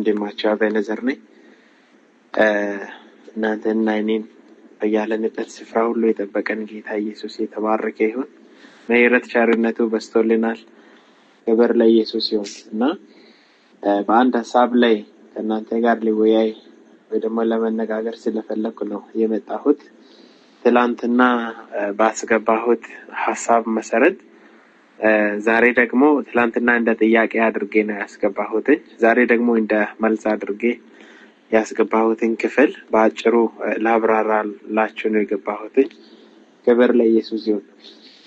ወንድማቸው አባይ ነኝ። እናንተና እኔን በያለንበት ስፍራ ሁሉ የጠበቀን ጌታ ኢየሱስ የተባረከ ይሁን። ምሕረት ቸርነቱ በዝቶልናል። ክብር ለኢየሱስ ይሁን እና በአንድ ሀሳብ ላይ ከእናንተ ጋር ሊወያይ ወይ ደግሞ ለመነጋገር ስለፈለግኩ ነው የመጣሁት። ትላንትና ባስገባሁት ሀሳብ መሰረት ዛሬ ደግሞ ትላንትና እንደ ጥያቄ አድርጌ ነው ያስገባሁትኝ። ዛሬ ደግሞ እንደ መልስ አድርጌ ያስገባሁትን ክፍል በአጭሩ ላብራራላችሁ ነው የገባሁትኝ። ክብር ለኢየሱስ ይሁን።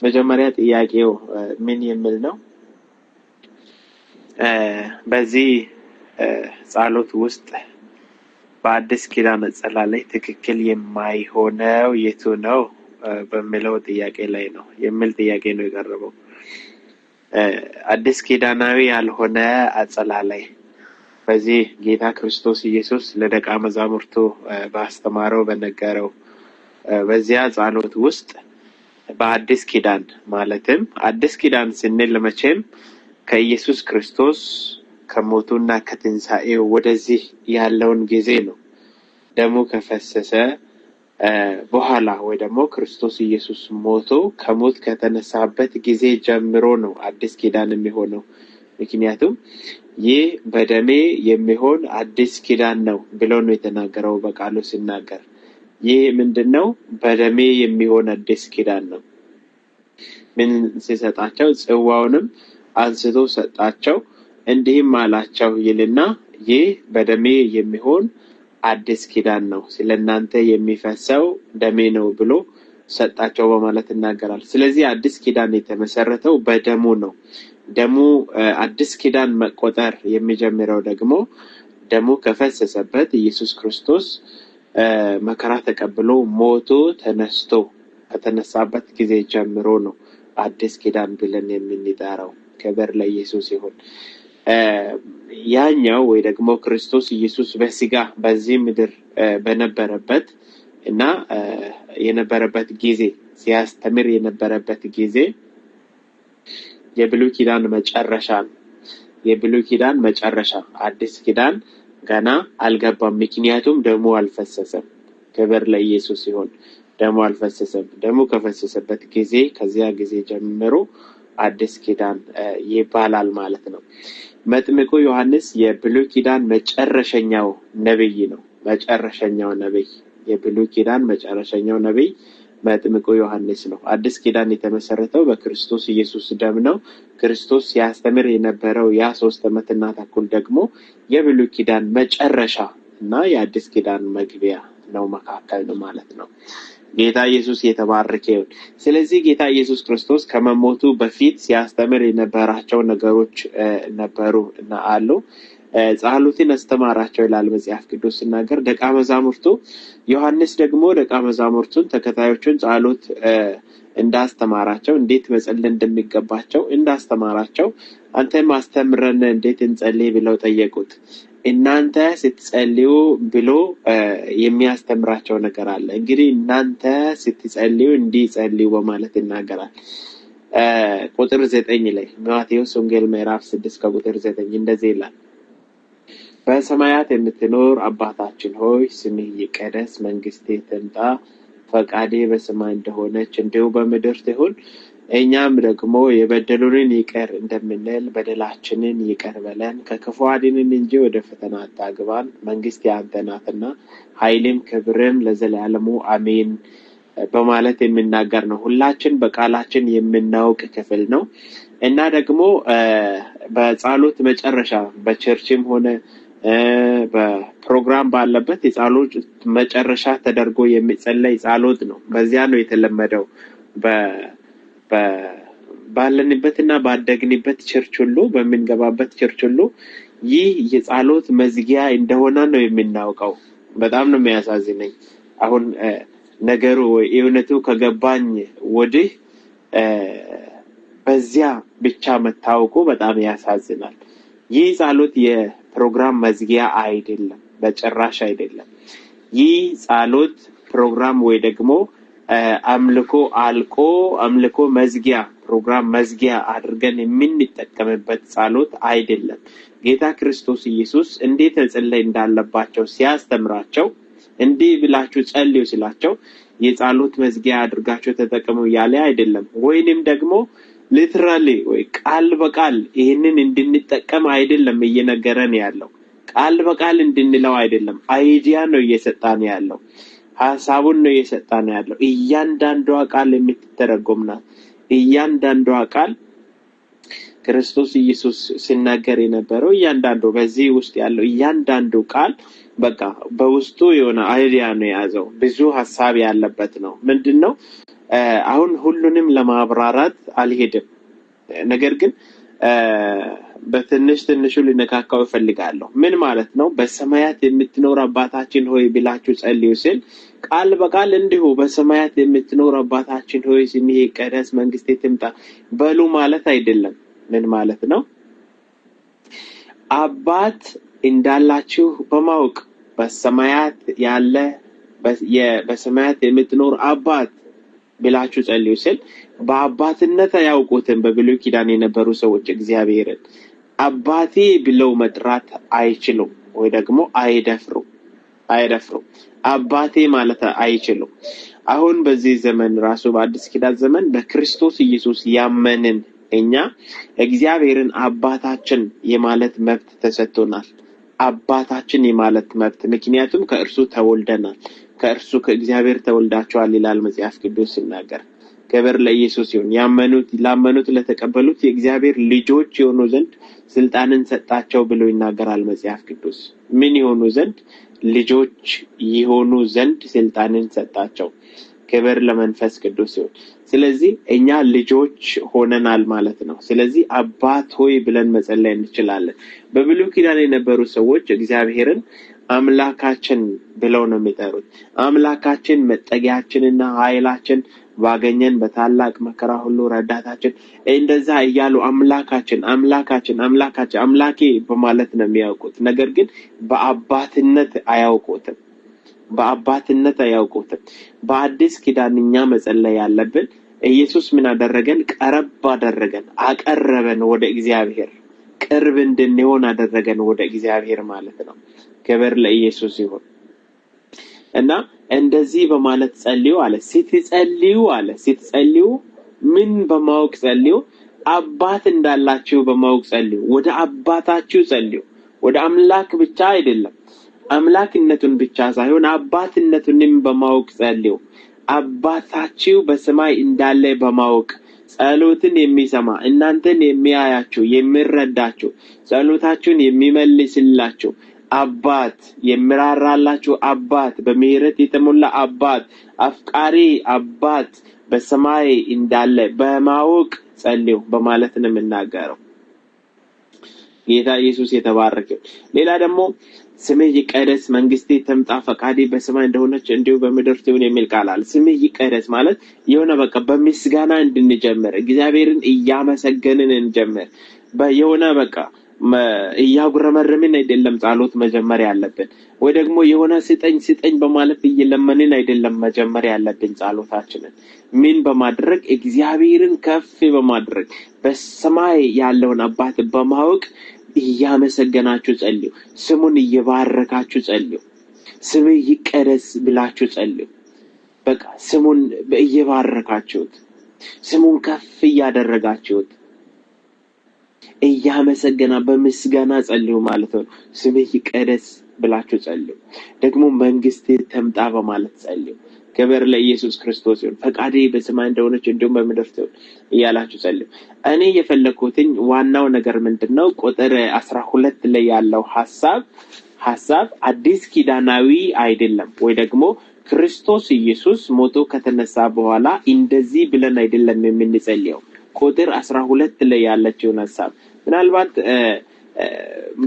መጀመሪያ ጥያቄው ምን የሚል ነው? በዚህ ጸሎት ውስጥ በአዲስ ኪዳን መጸላለይ ትክክል የማይሆነው የቱ ነው በሚለው ጥያቄ ላይ ነው የሚል ጥያቄ ነው የቀረበው። አዲስ ኪዳናዊ ያልሆነ አጸላላይ በዚህ ጌታ ክርስቶስ ኢየሱስ ለደቀ መዛሙርቱ ባስተማረው በነገረው በዚያ ጸሎት ውስጥ በአዲስ ኪዳን ማለትም አዲስ ኪዳን ስንል መቼም ከኢየሱስ ክርስቶስ ከሞቱና ከትንሣኤው ወደዚህ ያለውን ጊዜ ነው። ደሙ ከፈሰሰ በኋላ ወይ ደግሞ ክርስቶስ ኢየሱስ ሞቶ ከሞት ከተነሳበት ጊዜ ጀምሮ ነው አዲስ ኪዳን የሚሆነው። ምክንያቱም ይህ በደሜ የሚሆን አዲስ ኪዳን ነው ብሎ ነው የተናገረው በቃሉ ሲናገር። ይህ ምንድን ነው? በደሜ የሚሆን አዲስ ኪዳን ነው። ምን ሲሰጣቸው ጽዋውንም አንስቶ ሰጣቸው፣ እንዲህም አላቸው ይልና ይህ በደሜ የሚሆን አዲስ ኪዳን ነው፣ ስለ እናንተ የሚፈሰው ደሜ ነው ብሎ ሰጣቸው በማለት ይናገራል። ስለዚህ አዲስ ኪዳን የተመሰረተው በደሙ ነው። ደሙ አዲስ ኪዳን መቆጠር የሚጀምረው ደግሞ ደሙ ከፈሰሰበት ኢየሱስ ክርስቶስ መከራ ተቀብሎ ሞቶ ተነስቶ ከተነሳበት ጊዜ ጀምሮ ነው አዲስ ኪዳን ብለን የምንጠራው። ክብር ለኢየሱስ ይሁን። ያኛው ወይ ደግሞ ክርስቶስ ኢየሱስ በስጋ በዚህ ምድር በነበረበት እና የነበረበት ጊዜ ሲያስተምር የነበረበት ጊዜ የብሉ ኪዳን መጨረሻ ነው። የብሉይ ኪዳን መጨረሻ፣ አዲስ ኪዳን ገና አልገባም። ምክንያቱም ደሞ አልፈሰሰም። ክብር ለኢየሱስ ሲሆን ደሞ አልፈሰሰም። ደሞ ከፈሰሰበት ጊዜ ከዚያ ጊዜ ጀምሮ አዲስ ኪዳን ይባላል ማለት ነው። መጥምቁ ዮሐንስ የብሉይ ኪዳን መጨረሻኛው ነቢይ ነው። መጨረሻኛው ነቢይ የብሉይ ኪዳን መጨረሻኛው ነቢይ መጥምቁ ዮሐንስ ነው። አዲስ ኪዳን የተመሰረተው በክርስቶስ ኢየሱስ ደም ነው። ክርስቶስ ሲያስተምር የነበረው ያ ሶስት ዓመትና ተኩል ደግሞ የብሉይ ኪዳን መጨረሻ እና የአዲስ ኪዳን መግቢያ ነው፣ መካከል ነው ማለት ነው። ጌታ ኢየሱስ የተባረከ ይሁን። ስለዚህ ጌታ ኢየሱስ ክርስቶስ ከመሞቱ በፊት ሲያስተምር የነበራቸው ነገሮች ነበሩ እና አሉ። ጸሎትን አስተማራቸው ይላል መጽሐፍ ቅዱስ ሲናገር። ደቀ መዛሙርቱ ዮሐንስ ደግሞ ደቀ መዛሙርቱን ተከታዮቹን ጸሎት እንዳስተማራቸው እንዴት መጸለይ እንደሚገባቸው እንዳስተማራቸው አንተም አስተምረን እንዴት እንጸልይ ብለው ጠየቁት። እናንተ ስትጸልዩ ብሎ የሚያስተምራቸው ነገር አለ። እንግዲህ እናንተ ስትጸልዩ እንዲጸልዩ በማለት ይናገራል። ቁጥር ዘጠኝ ላይ ማቴዎስ ወንጌል ምዕራፍ ስድስት ከቁጥር ዘጠኝ እንደዚህ ይላል በሰማያት የምትኖር አባታችን ሆይ ስምህ ይቀደስ፣ መንግስቴ ትምጣ፣ ፈቃዴ በሰማይ እንደሆነች እንዲሁ በምድር ትሁን እኛም ደግሞ የበደሉንን ይቅር እንደምንል በደላችንን ይቅር በለን፣ ከክፉ አድንን እንጂ ወደ ፈተና አታግባን፣ መንግስት ያንተ ናትና ኃይልም ክብርም ለዘላለሙ አሜን በማለት የሚናገር ነው። ሁላችን በቃላችን የምናውቅ ክፍል ነው እና ደግሞ በጸሎት መጨረሻ በቸርችም ሆነ በፕሮግራም ባለበት የጸሎት መጨረሻ ተደርጎ የሚጸለይ ጸሎት ነው። በዚያ ነው የተለመደው ባለንበትና ባደግንበት ቸርች ሁሉ በምንገባበት ቸርች ሁሉ ይህ የጸሎት መዝጊያ እንደሆነ ነው የምናውቀው። በጣም ነው የሚያሳዝነኝ። አሁን ነገሩ እውነቱ ከገባኝ ወዲህ በዚያ ብቻ መታወቁ በጣም ያሳዝናል። ይህ ጸሎት የፕሮግራም መዝጊያ አይደለም፣ በጭራሽ አይደለም። ይህ ጸሎት ፕሮግራም ወይ ደግሞ አምልኮ አልቆ አምልኮ መዝጊያ ፕሮግራም መዝጊያ አድርገን የምንጠቀምበት ጸሎት አይደለም። ጌታ ክርስቶስ ኢየሱስ እንዴት መጸለይ እንዳለባቸው ሲያስተምራቸው እንዲህ ብላችሁ ጸልዩ ስላቸው የጸሎት መዝጊያ አድርጋቸው ተጠቅሙ ያለ አይደለም። ወይንም ደግሞ ሊትራሊ ወይ ቃል በቃል ይህንን እንድንጠቀም አይደለም እየነገረን ያለው ቃል በቃል እንድንለው አይደለም። አይዲያ ነው እየሰጣን ያለው ሀሳቡን ነው እየሰጣ ነው ያለው። እያንዳንዷ ቃል የምትተረጎም ናት። እያንዳንዷ ቃል ክርስቶስ ኢየሱስ ሲናገር የነበረው እያንዳንዱ በዚህ ውስጥ ያለው እያንዳንዱ ቃል በቃ በውስጡ የሆነ አይዲያ ነው የያዘው። ብዙ ሀሳብ ያለበት ነው። ምንድን ነው አሁን ሁሉንም ለማብራራት አልሄድም፣ ነገር ግን በትንሽ ትንሹ ልነካካው እፈልጋለሁ። ምን ማለት ነው? በሰማያት የምትኖር አባታችን ሆይ ብላችሁ ጸልዩ ሲል ቃል በቃል እንዲሁ በሰማያት የምትኖር አባታችን ሆይ ስምህ ይቀደስ፣ መንግስቴ ትምጣ በሉ ማለት አይደለም። ምን ማለት ነው? አባት እንዳላችሁ በማወቅ በሰማያት ያለ በሰማያት የምትኖር አባት ብላችሁ ጸልዩ ስል በአባትነት ያውቁትን በብሉይ ኪዳን የነበሩ ሰዎች እግዚአብሔርን አባቴ ብለው መጥራት አይችሉም፣ ወይ ደግሞ አይደፍሩ አይደፍሩ አባቴ ማለት አይችሉም። አሁን በዚህ ዘመን ራሱ በአዲስ ኪዳን ዘመን በክርስቶስ ኢየሱስ ያመንን እኛ እግዚአብሔርን አባታችን የማለት መብት ተሰጥቶናል። አባታችን የማለት መብት ምክንያቱም ከእርሱ ተወልደናል። ከእርሱ ከእግዚአብሔር ተወልዳቸዋል ይላል መጽሐፍ ቅዱስ ሲናገር። ክብር ለኢየሱስ ይሁን። ያመኑት ላመኑት ለተቀበሉት የእግዚአብሔር ልጆች የሆኑ ዘንድ ስልጣንን ሰጣቸው ብሎ ይናገራል መጽሐፍ ቅዱስ። ምን የሆኑ ዘንድ ልጆች የሆኑ ዘንድ ስልጣንን ሰጣቸው። ክብር ለመንፈስ ቅዱስ ይሁን። ስለዚህ እኛ ልጆች ሆነናል ማለት ነው። ስለዚህ አባት ሆይ ብለን መጸለይ እንችላለን። በብሉይ ኪዳን የነበሩ ሰዎች እግዚአብሔርን አምላካችን ብለው ነው የሚጠሩት። አምላካችን መጠጊያችንና ኃይላችን ባገኘን በታላቅ መከራ ሁሉ ረዳታችን፣ እንደዛ እያሉ አምላካችን አምላካችን አምላካችን አምላኬ በማለት ነው የሚያውቁት። ነገር ግን በአባትነት አያውቁትም። በአባትነት አያውቁትም። በአዲስ ኪዳን እኛ መጸለይ ያለብን ኢየሱስ ምን አደረገን? ቀረብ አደረገን፣ አቀረበን ወደ እግዚአብሔር ቅርብ እንድንሆን አደረገን ወደ እግዚአብሔር ማለት ነው። ክብር ለኢየሱስ ይሁን እና እንደዚህ በማለት ጸልዩ አለ። ስትጸልዩ አለ ስትጸልዩ ምን በማወቅ ጸልዩ? አባት እንዳላችሁ በማወቅ ጸልዩ። ወደ አባታችሁ ጸልዩ። ወደ አምላክ ብቻ አይደለም አምላክነቱን ብቻ ሳይሆን አባትነቱንም በማወቅ ጸልዩ። አባታችሁ በሰማይ እንዳለ በማወቅ ጸሎትን የሚሰማ እናንተን የሚያያችሁ የሚረዳችሁ ጸሎታችሁን የሚመልስላችሁ አባት የሚራራላችሁ አባት በምሕረት የተሞላ አባት አፍቃሪ አባት በሰማይ እንዳለ በማወቅ ጸልዩ በማለት ነው የምናገረው። ጌታ ኢየሱስ የተባረከ። ሌላ ደግሞ ስምህ ይቀደስ፣ መንግስቴ ተምጣ፣ ፈቃዴ በሰማይ እንደሆነች እንዲሁ በምድር ትሁን የሚል ቃል አለ። ስምህ ይቀደስ ማለት የሆነ በቃ በምስጋና እንድንጀምር እግዚአብሔርን እያመሰገንን እንጀምር። የሆነ በቃ እያጉረመረምን አይደለም ጸሎት መጀመር ያለብን፣ ወይ ደግሞ የሆነ ስጠኝ ስጠኝ በማለት እየለመንን አይደለም መጀመር ያለብን ጸሎታችንን ምን በማድረግ እግዚአብሔርን ከፍ በማድረግ በሰማይ ያለውን አባት በማወቅ እያመሰገናችሁ ጸልዩ። ስሙን እየባረካችሁ ጸልዩ። ስምህ ይቀደስ ብላችሁ ጸልዩ። በቃ ስሙን እየባረካችሁት፣ ስሙን ከፍ እያደረጋችሁት፣ እያመሰገና በምስጋና ጸልዩ ማለት ነው። ስምህ ይቀደስ ብላችሁ ጸልዩ። ደግሞ መንግስት ተምጣ በማለት ጸልዩ። ክብር ለኢየሱስ ክርስቶስ ይሁን። ፈቃዴ በሰማይ እንደሆነች እንዲሁም በምድር ትሁን እያላችሁ ጸልዩ። እኔ የፈለግኩትኝ ዋናው ነገር ምንድን ነው? ቁጥር አስራ ሁለት ላይ ያለው ሀሳብ ሀሳብ አዲስ ኪዳናዊ አይደለም ወይ ደግሞ ክርስቶስ ኢየሱስ ሞቶ ከተነሳ በኋላ እንደዚህ ብለን አይደለም የምንጸልየው። ቁጥር አስራ ሁለት ላይ ያለችውን ሀሳብ ምናልባት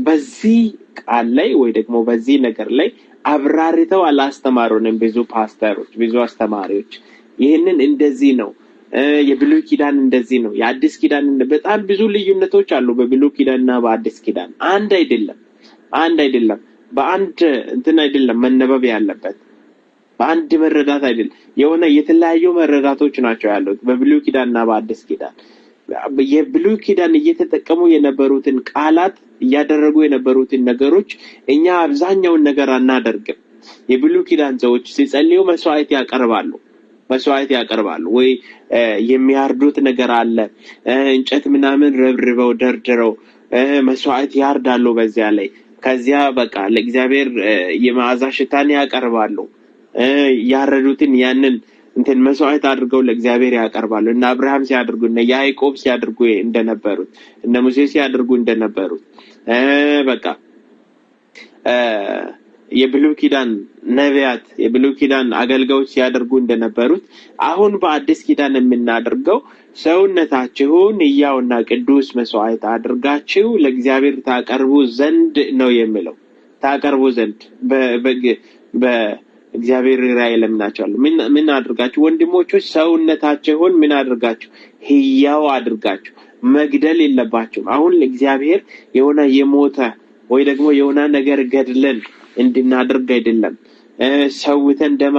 በዚህ ቃል ላይ ወይ ደግሞ በዚህ ነገር ላይ አብራርተው አላስተማሩንም ብዙ ፓስተሮች፣ ብዙ አስተማሪዎች። ይህንን እንደዚህ ነው የብሉይ ኪዳን እንደዚህ ነው የአዲስ ኪዳን። በጣም ብዙ ልዩነቶች አሉ በብሉ ኪዳን እና በአዲስ ኪዳን። አንድ አይደለም፣ አንድ አይደለም። በአንድ እንትን አይደለም መነበብ ያለበት በአንድ መረዳት አይደለም። የሆነ የተለያዩ መረዳቶች ናቸው ያሉት በብሉይ ኪዳን እና በአዲስ ኪዳን። የብሉይ ኪዳን እየተጠቀሙ የነበሩትን ቃላት እያደረጉ የነበሩትን ነገሮች እኛ አብዛኛውን ነገር አናደርግም። የብሉ ኪዳን ሰዎች ሲጸልዩ መስዋዕት ያቀርባሉ መስዋዕት ያቀርባሉ ወይ የሚያርዱት ነገር አለ። እንጨት ምናምን ረብርበው ደርድረው መስዋዕት ያርዳሉ። በዚያ ላይ ከዚያ በቃ ለእግዚአብሔር የመዓዛ ሽታን ያቀርባሉ። ያረዱትን ያንን እንትን መስዋዕት አድርገው ለእግዚአብሔር ያቀርባሉ። እነ አብርሃም ሲያድርጉ፣ እነ ያዕቆብ ሲያደርጉ እንደነበሩት፣ እነ ሙሴ ሲያደርጉ እንደነበሩት በቃ የብሉይ ኪዳን ነቢያት፣ የብሉይ ኪዳን አገልጋዮች ሲያደርጉ እንደነበሩት አሁን በአዲስ ኪዳን የምናደርገው ሰውነታችሁን ሕያውና ቅዱስ መስዋዕት አድርጋችሁ ለእግዚአብሔር ታቀርቡ ዘንድ ነው የሚለው ታቀርቡ ዘንድ እግዚአብሔር ራ ለምናቸዋል። ምን አድርጋችሁ ወንድሞቾች ሰውነታቸውን ምን አድርጋችሁ ህያው አድርጋችሁ መግደል የለባቸውም። አሁን እግዚአብሔር የሆነ የሞተ ወይ ደግሞ የሆነ ነገር ገድለን እንድናደርግ አይደለም ሰውተን ደም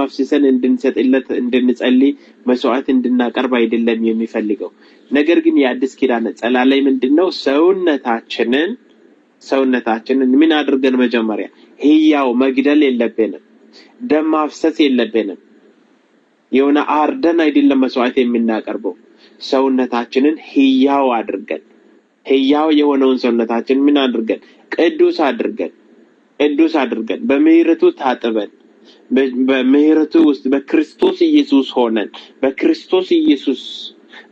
እንድንሰጥለት እንድንጸልይ መስዋዕት እንድናቀርብ አይደለም የሚፈልገው። ነገር ግን የአዲስ ኪዳን ጸላላይ ምንድን ነው? ሰውነታችንን ሰውነታችንን ምን አድርገን መጀመሪያ ህያው መግደል የለብንም ደም ማፍሰስ የለብንም። የሆነ አርደን አይደለም መስዋዕት የምናቀርበው ሰውነታችንን ህያው አድርገን ህያው የሆነውን ሰውነታችን ምን አድርገን ቅዱስ አድርገን ቅዱስ አድርገን በምህረቱ ታጥበን በምህረቱ ውስጥ በክርስቶስ ኢየሱስ ሆነን በክርስቶስ ኢየሱስ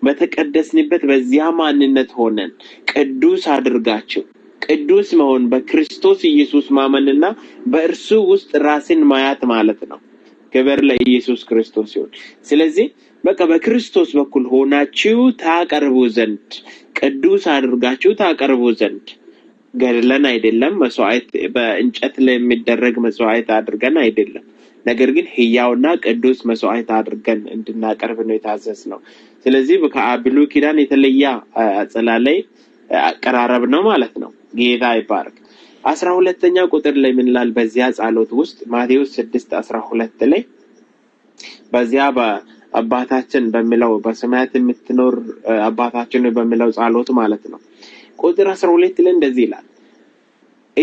በተቀደስንበት በዚያ ማንነት ሆነን ቅዱስ አድርጋችሁ ቅዱስ መሆን በክርስቶስ ኢየሱስ ማመንና በእርሱ ውስጥ ራስን ማያት ማለት ነው። ክብር ለኢየሱስ ክርስቶስ ይሁን። ስለዚህ በቃ በክርስቶስ በኩል ሆናችሁ ታቀርቡ ዘንድ ቅዱስ አድርጋችሁ ታቀርቡ ዘንድ ገድለን አይደለም፣ መስዋዕት በእንጨት ላይ የሚደረግ መስዋዕት አድርገን አይደለም። ነገር ግን ህያውና ቅዱስ መስዋዕት አድርገን እንድናቀርብ ነው የታዘዝ ነው። ስለዚህ ከብሉይ ኪዳን የተለየ አጸላላይ አቀራረብ ነው ማለት ነው። ጌታ ይባርክ። አስራ ሁለተኛ ቁጥር ላይ ምን ይላል? በዚያ ጸሎት ውስጥ ማቴዎስ ስድስት አስራ ሁለት ላይ በዚያ አባታችን በሚለው በሰማያት የምትኖር አባታችን በሚለው ጸሎት ማለት ነው። ቁጥር አስራ ሁለት ላይ እንደዚህ ይላል።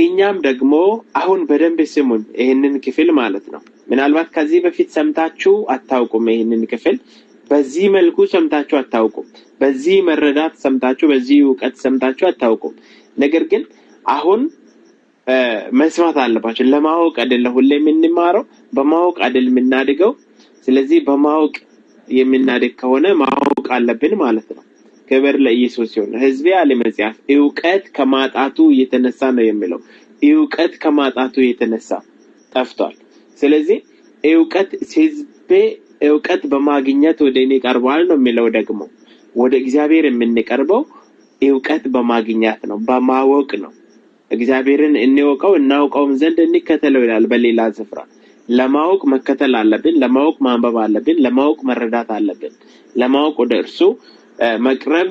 እኛም ደግሞ አሁን በደንብ ስሙን፣ ይህንን ክፍል ማለት ነው። ምናልባት ከዚህ በፊት ሰምታችሁ አታውቁም። ይህንን ክፍል በዚህ መልኩ ሰምታችሁ አታውቁም። በዚህ መረዳት ሰምታችሁ፣ በዚህ እውቀት ሰምታችሁ አታውቁም። ነገር ግን አሁን መስማት አለባቸው። ለማወቅ አይደለ ሁሌ የምንማረው፣ በማወቅ አይደል የምናድገው። ስለዚህ በማወቅ የምናድግ ከሆነ ማወቅ አለብን ማለት ነው። ክብር ለኢየሱስ ሲሆን ህዝቤ አለ መጽሐፍ እውቀት ከማጣቱ የተነሳ ነው የሚለው እውቀት ከማጣቱ የተነሳ ጠፍቷል። ስለዚህ እውቀት ህዝቤ እውቀት በማግኘት ወደ እኔ ቀርቧል ነው የሚለው ደግሞ ወደ እግዚአብሔር የምንቀርበው እውቀት በማግኛት ነው፣ በማወቅ ነው። እግዚአብሔርን እንወቀው እናውቀውም ዘንድ እንከተለው ይላል በሌላ ስፍራ። ለማወቅ መከተል አለብን፣ ለማወቅ ማንበብ አለብን፣ ለማወቅ መረዳት አለብን፣ ለማወቅ ወደ እርሱ መቅረብ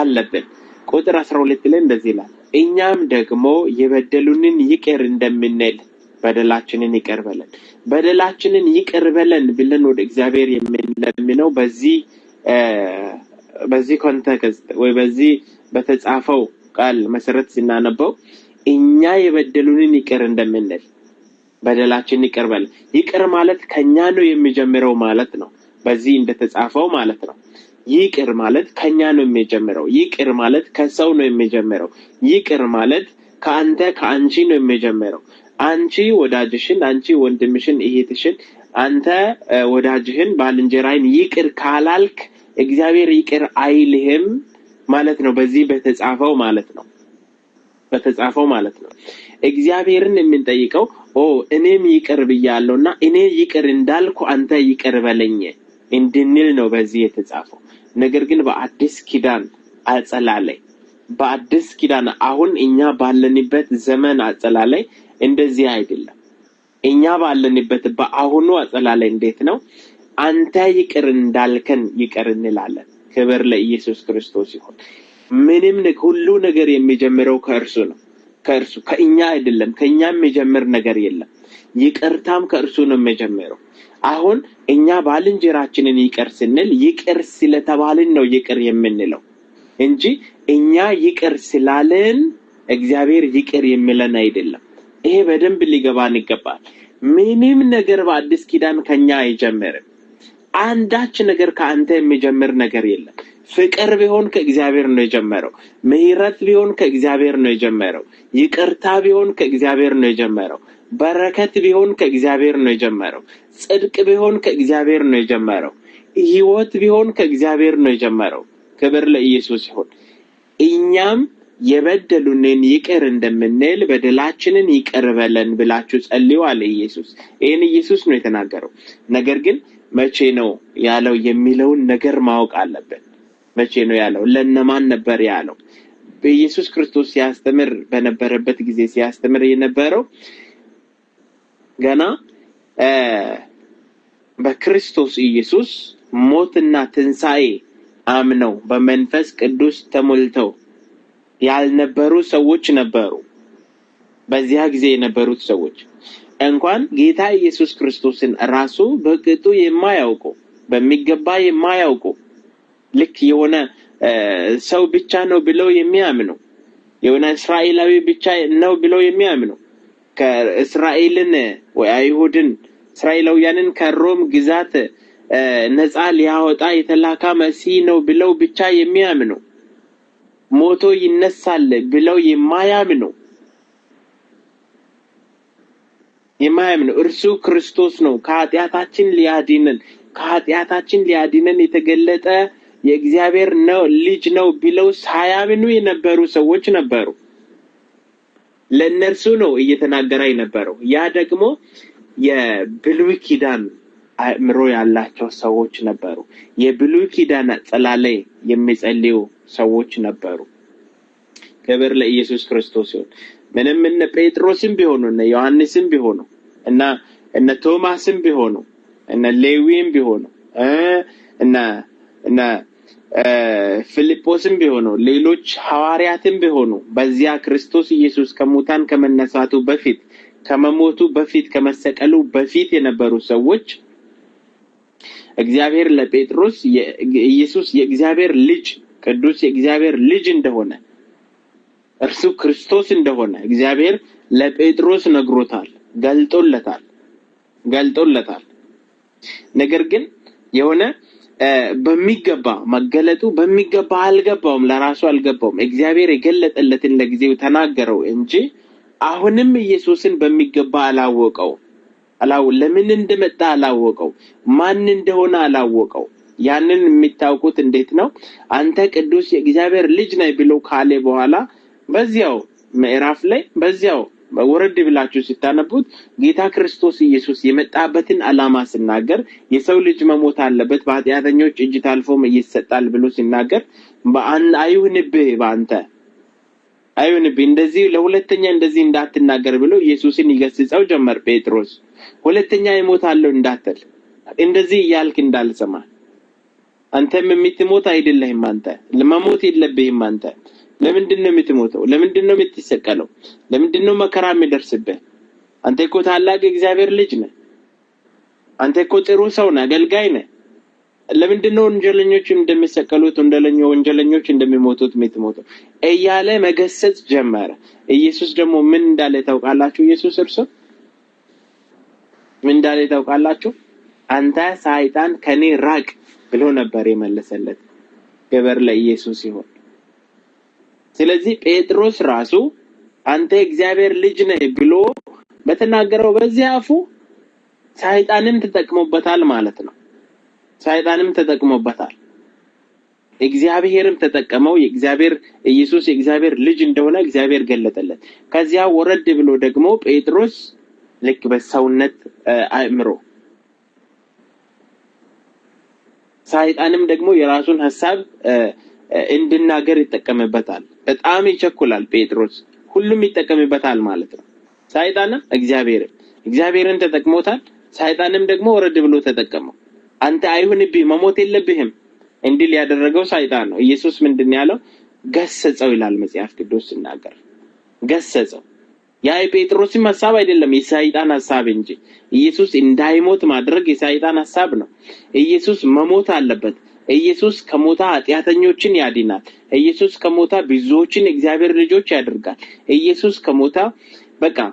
አለብን። ቁጥር አስራ ሁለት ላይ እንደዚህ ይላል፣ እኛም ደግሞ የበደሉንን ይቅር እንደምንል በደላችንን ይቅር በለን። በደላችንን ይቅር በለን ብለን ወደ እግዚአብሔር የምንለምነው በዚህ በዚህ ኮንቴክስት ወይ በዚህ በተጻፈው ቃል መሰረት ሲናነበው እኛ የበደሉንን ይቅር እንደምንል በደላችን ይቅር በል። ይቅር ማለት ከኛ ነው የሚጀምረው ማለት ነው። በዚህ እንደተጻፈው ማለት ነው። ይቅር ማለት ከኛ ነው የሚጀምረው። ይቅር ማለት ከሰው ነው የሚጀምረው። ይቅር ማለት ከአንተ ከአንቺ ነው የሚጀምረው። አንቺ ወዳጅሽን፣ አንቺ ወንድምሽን፣ እህትሽን፣ አንተ ወዳጅህን፣ ባልንጀራይን ይቅር ካላልክ እግዚአብሔር ይቅር አይልህም ማለት ነው። በዚህ በተጻፈው ማለት ነው በተጻፈው ማለት ነው። እግዚአብሔርን የምንጠይቀው ኦ እኔም ይቅር ብያለሁ እና እኔ ይቅር እንዳልኩ አንተ ይቅር በለኝ እንድንል ነው በዚህ የተጻፈው። ነገር ግን በአዲስ ኪዳን አጸላለይ በአዲስ ኪዳን አሁን እኛ ባለንበት ዘመን አጸላለይ እንደዚህ አይደለም። እኛ ባለንበት በአሁኑ አጸላለይ እንዴት ነው? አንተ ይቅር እንዳልከን ይቅር እንላለን። ክብር ለኢየሱስ ክርስቶስ ይሁን። ምንም ሁሉ ነገር የሚጀምረው ከእርሱ ነው። ከእርሱ ከእኛ አይደለም። ከእኛ የሚጀምር ነገር የለም። ይቅርታም ከእርሱ ነው የሚጀምረው። አሁን እኛ ባልንጀራችንን ይቅር ስንል ይቅር ስለተባልን ነው ይቅር የምንለው እንጂ እኛ ይቅር ስላለን እግዚአብሔር ይቅር የሚለን አይደለም። ይሄ በደንብ ሊገባን ይገባል። ምንም ነገር በአዲስ ኪዳን ከኛ አይጀምርም። አንዳች ነገር ከአንተ የሚጀምር ነገር የለም። ፍቅር ቢሆን ከእግዚአብሔር ነው የጀመረው። ምሕረት ቢሆን ከእግዚአብሔር ነው የጀመረው። ይቅርታ ቢሆን ከእግዚአብሔር ነው የጀመረው። በረከት ቢሆን ከእግዚአብሔር ነው የጀመረው። ጽድቅ ቢሆን ከእግዚአብሔር ነው የጀመረው። ሕይወት ቢሆን ከእግዚአብሔር ነው የጀመረው። ክብር ለኢየሱስ ይሁን። እኛም የበደሉንን ይቅር እንደምንል በደላችንን ይቅር በለን ብላችሁ ጸልዩ አለ ኢየሱስ። ይህን ኢየሱስ ነው የተናገረው። ነገር ግን መቼ ነው ያለው የሚለውን ነገር ማወቅ አለብን። መቼ ነው ያለው? ለነማን ነበር ያለው? በኢየሱስ ክርስቶስ ሲያስተምር በነበረበት ጊዜ ሲያስተምር የነበረው ገና በክርስቶስ ኢየሱስ ሞትና ትንሣኤ አምነው በመንፈስ ቅዱስ ተሞልተው ያልነበሩ ሰዎች ነበሩ። በዚያ ጊዜ የነበሩት ሰዎች እንኳን ጌታ ኢየሱስ ክርስቶስን ራሱ በቅጡ የማያውቁ በሚገባ የማያውቁ ልክ የሆነ ሰው ብቻ ነው ብለው የሚያምኑ የሆነ እስራኤላዊ ብቻ ነው ብለው የሚያምኑ ከእስራኤልን ወይ አይሁድን እስራኤላውያንን ከሮም ግዛት ነፃ ሊያወጣ የተላካ መሲህ ነው ብለው ብቻ የሚያምኑ ሞቶ ይነሳል ብለው የማያምኑ የማያምን እርሱ ክርስቶስ ነው፣ ከኃጢአታችን ሊያድነን ከኃጢአታችን ሊያድነን የተገለጠ የእግዚአብሔር ነው ልጅ ነው ቢለው ሳያምኑ የነበሩ ሰዎች ነበሩ። ለእነርሱ ነው እየተናገረ የነበረው። ያ ደግሞ የብሉይ ኪዳን አእምሮ ያላቸው ሰዎች ነበሩ። የብሉይ ኪዳን ጸላለይ የሚጸልዩ ሰዎች ነበሩ። ክብር ለኢየሱስ ክርስቶስ ይሁን። ምንም እነ ጴጥሮስም ቢሆኑ እነ ዮሐንስም ቢሆኑ እና እነ ቶማስም ቢሆኑ እነ ሌዊም ቢሆኑ እና እና ፊልጶስም ቢሆኑ ሌሎች ሐዋርያትም ቢሆኑ በዚያ ክርስቶስ ኢየሱስ ከሙታን ከመነሳቱ በፊት ከመሞቱ በፊት ከመሰቀሉ በፊት የነበሩ ሰዎች እግዚአብሔር ለጴጥሮስ ኢየሱስ የእግዚአብሔር ልጅ ቅዱስ የእግዚአብሔር ልጅ እንደሆነ እርሱ ክርስቶስ እንደሆነ እግዚአብሔር ለጴጥሮስ ነግሮታል፣ ገልጦለታል ገልጦለታል። ነገር ግን የሆነ በሚገባ መገለጡ በሚገባ አልገባውም፣ ለራሱ አልገባውም። እግዚአብሔር የገለጠለትን ለጊዜው ተናገረው እንጂ አሁንም ኢየሱስን በሚገባ አላወቀው። አላው ለምን እንደመጣ አላወቀው፣ ማን እንደሆነ አላወቀው። ያንን የሚታውቁት እንዴት ነው? አንተ ቅዱስ የእግዚአብሔር ልጅ ነህ ብሎ ካለ በኋላ በዚያው ምዕራፍ ላይ በዚያው ወረድ ብላችሁ ስታነቡት ጌታ ክርስቶስ ኢየሱስ የመጣበትን ዓላማ ሲናገር የሰው ልጅ መሞት አለበት፣ በኃጢአተኞች እጅ ታልፎም ይሰጣል ብሎ ሲናገር አይሁንብህ በአንተ አይሁንብህ እንደዚህ ለሁለተኛ እንደዚህ እንዳትናገር ብሎ ኢየሱስን ይገስጸው ጀመር። ጴጥሮስ ሁለተኛ ይሞት አለው እንዳትል እንደዚህ እያልክ እንዳልሰማ አንተም የምትሞት አይደለህም አንተ ለመሞት የለብህም አንተ ለምንድን ነው የምትሞተው? ለምንድን ነው የምትሰቀለው? ለምንድን ነው መከራ የሚደርስብህ? አንተ እኮ ታላቅ የእግዚአብሔር ልጅ ነህ። አንተ እኮ ጥሩ ሰው ነህ፣ አገልጋይ ነህ። ለምንድን ነው ወንጀለኞች እንደሚሰቀሉት ወንደለኞ ወንጀለኞች እንደሚሞቱት የምትሞተው እያለ መገሰጽ ጀመረ። ኢየሱስ ደግሞ ምን እንዳለ ታውቃላችሁ? ኢየሱስ እርሱ ምን እንዳለ ታውቃላችሁ? አንተ ሰይጣን ከኔ ራቅ ብሎ ነበር የመለሰለት ገበር ለኢየሱስ ይሆን ስለዚህ ጴጥሮስ ራሱ አንተ እግዚአብሔር ልጅ ነህ ብሎ በተናገረው በዚህ አፉ ሰይጣንም ተጠቅሞበታል ማለት ነው። ሳይጣንም ተጠቅሞበታል። እግዚአብሔርም ተጠቀመው። የእግዚአብሔር ኢየሱስ የእግዚአብሔር ልጅ እንደሆነ እግዚአብሔር ገለጠለት። ከዚያ ወረድ ብሎ ደግሞ ጴጥሮስ ልክ በሰውነት አእምሮ ሰይጣንም ደግሞ የራሱን ሀሳብ እንድናገር ይጠቀምበታል። በጣም ይቸኩላል ጴጥሮስ። ሁሉም ይጠቀምበታል ማለት ነው። ሰይጣንም እግዚአብሔርም እግዚአብሔርን ተጠቅሞታል። ሰይጣንም ደግሞ ወረድ ብሎ ተጠቀመው። አንተ አይሁንብህ መሞት የለብህም እንዲል ያደረገው ሰይጣን ነው። ኢየሱስ ምንድን ያለው ገሰጸው ይላል መጽሐፍ ቅዱስ ሲናገር ገሰጸው። ያ የጴጥሮስም ሀሳብ አይደለም የሰይጣን ሀሳብ እንጂ ኢየሱስ እንዳይሞት ማድረግ የሰይጣን ሀሳብ ነው። ኢየሱስ መሞት አለበት ኢየሱስ ከሞታ ኃጢአተኞችን ያድናል። ኢየሱስ ከሞታ ብዙዎችን እግዚአብሔር ልጆች ያደርጋል። ኢየሱስ ከሞታ በቃ